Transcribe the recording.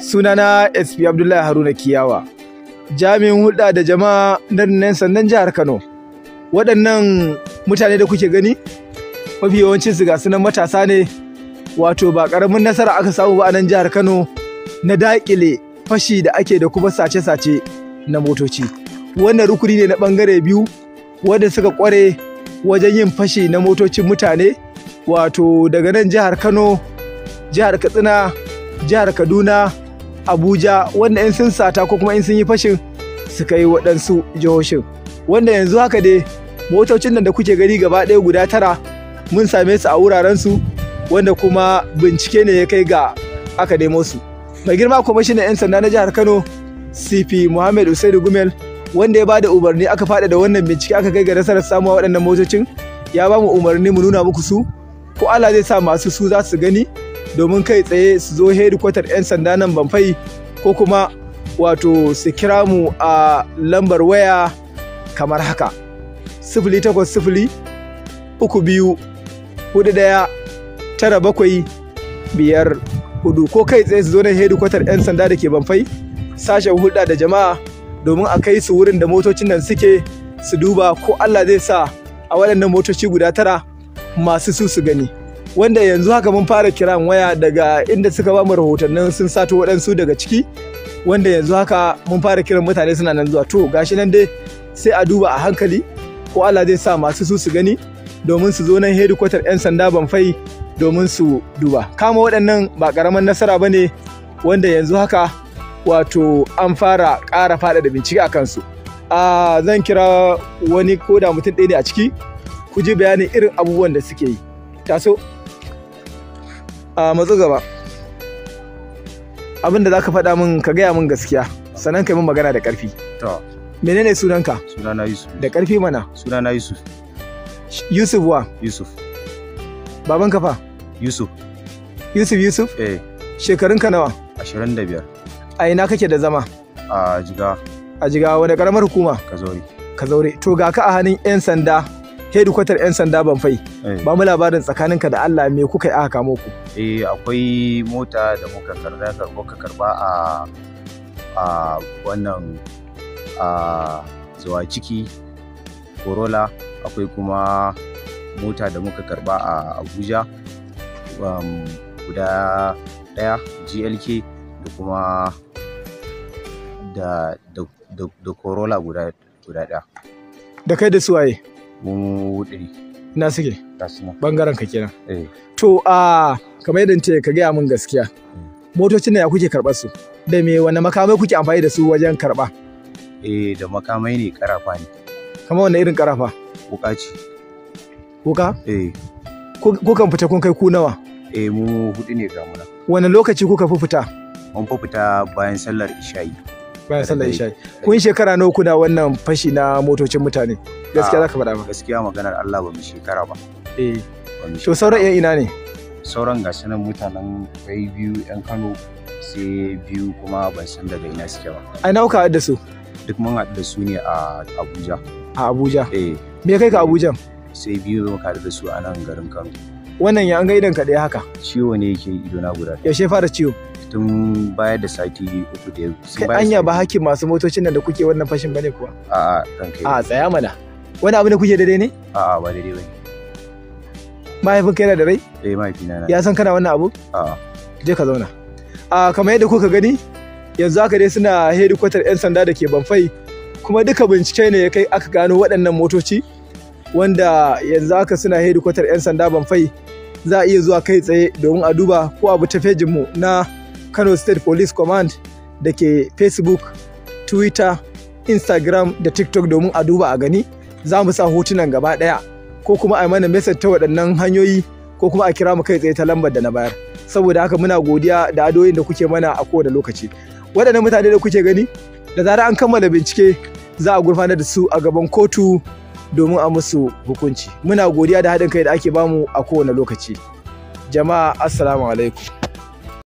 Sunana SP Abdullahi Haruna Kiyawa, jami'in hulɗa da jama'a nan sandan jihar Kano. Waɗannan mutane da kuke gani, mafi yawancin su ga sunan matasa ne, wato ba ƙaramin nasara aka samu ba a nan jihar Kano na daƙile fashi da ake da kuma sace-sace na motoci. Wannan rukuni ne na ɓangare biyu wanda suka kware wajen yin fashi na motocin mutane, wato daga nan jihar Kano, jihar Katsina, jihar Kaduna abuja wanda in sun sata ko kuma in sun yi fashin suka yi waɗansu jihohin wanda yanzu haka dai motocin nan da kuke gani gaba ɗaya guda tara mun same su a wuraren su wanda kuma bincike ne ya kai ga aka nemo su mai girma kuma kwamishinan 'yan sanda na jihar kano cp muhammad usaidu gumel wanda ya bada umarni aka fada da wannan bincike aka kai ga nasarar samuwa waɗannan motocin ya ba mu umarni mu nuna muku su ko Allah zai sa masu su za su gani domin kai tsaye su zo hedikwatar 'yan sanda nan banfai ko kuma wato su kira mu a lambar waya kamar haka sifili takwas sifili uku biyu hudu daya tara bakwai biyar hudu ko kai tsaye su zo na hedikwatar 'yan sanda da ke bamfai sashen hulɗa da jama'a domin a kai su wurin da motocin nan suke su duba ko allah zai sa a waɗannan motoci guda tara masu su su gani. wanda yanzu haka mun fara kiran waya daga inda suka ba mu rahotannin sun sato waɗansu daga ciki wanda yanzu haka mun fara kiran mutane suna nan zuwa to gashi nan dai sai a duba a hankali ko Allah zai sa masu su su gani domin su zo nan hedikwatar 'yan sanda banfai domin su duba kama waɗannan ba ƙaramin nasara ba ne wanda yanzu haka wato an fara ƙara faɗa da bincike a kansu a zan kira wani ko da mutum ɗaya ne a ciki ku ji bayanin irin abubuwan da suke yi taso a matsu gaba abin da zaka faɗa min ka gaya min gaskiya sannan yi min magana da ƙarfi to menene sunanka sunana yusuf da ƙarfi mana sunana yusuf yusuf wa yusuf baban kafa yusuf yusuf yusuf eh shekarunka nawa 25 a ina kake da zama a jiga a jiga wani karamar hukuma ka zaure to ga ka a hannun yan sanda hedikwatar 'yan sanda banfai eh. ba mu labarin tsakaninka da Allah me kuka yi aka kamo ku eh akwai mota da muka karba muka karba a a wannan a zuwa ciki corolla akwai kuma mota da muka karba a abuja um, guda daya glk da kuma da da, da, corolla guda guda daya da kai da suwaye mu wuɗe. ina suke bangaren ka kenan eh. to a kamar yadda ce ka gaya min gaskiya hmm. motocin ya kuke karɓar su da me wani makamai kuke amfani da su wajen karɓa eh da makamai ne karafa ne kamar wani irin karafa wuka ce wuka eh kukan fita kun kai ku nawa eh mu huɗu ne ga muna wani lokaci kuka fi fita mun fi fita bayan sallar isha'i bayan sallar isha'i kun shekara nawa kuna wannan fashi na motocin mutane gaskiya ah. za ka faɗa ba gaskiya maganar Allah ba mu shekara ba eh to sauran yan ina ne sauran ga sanan mutanen kai biyu yan Kano sai biyu kuma ban san daga ina suke ba ai nauka da su duk mun haɗu da su ne a Abuja a Abuja eh me kai ka eh. Abuja sai biyu zo ka da su a nan garin Kano wannan ya an ga idan ka dai haka ciwo ne yake ido na guda yaushe fara ciwo tun baya da sati uku da yau. Kai anya ba hakkin masu motocin nan da kuke wannan fashin bane kuwa? A'a, kan kai. A tsaya mana. wani abu da kuke da dai ne a'a ba dai bane mahaifinka yana da rai eh mahaifina na ya san kana wannan abu a'a je ka zauna a kamar yadda kuka gani yanzu haka dai suna hedikwatar 'yan sanda da ke banfai kuma duka bincike ne ya kai aka gano waɗannan motoci wanda yanzu haka suna hedikwatar 'yan sanda banfai za a iya zuwa kai tsaye domin a duba ko abu ta fejinmu na kano state police command da ke facebook twitter instagram da tiktok domin a duba a gani za mu sa hotunan gaba ɗaya ko kuma a mana message ta waɗannan hanyoyi ko kuma a kira mu kai tsaye ta lambar da na bayar saboda haka muna godiya da adoyin da kuke mana a kowane lokaci waɗannan mutane da kuke gani da zarar an kammala bincike za a gurfanar da su a gaban kotu domin a musu hukunci muna godiya da haɗin kai da ake bamu a kowane lokaci jama'a assalamu alaikum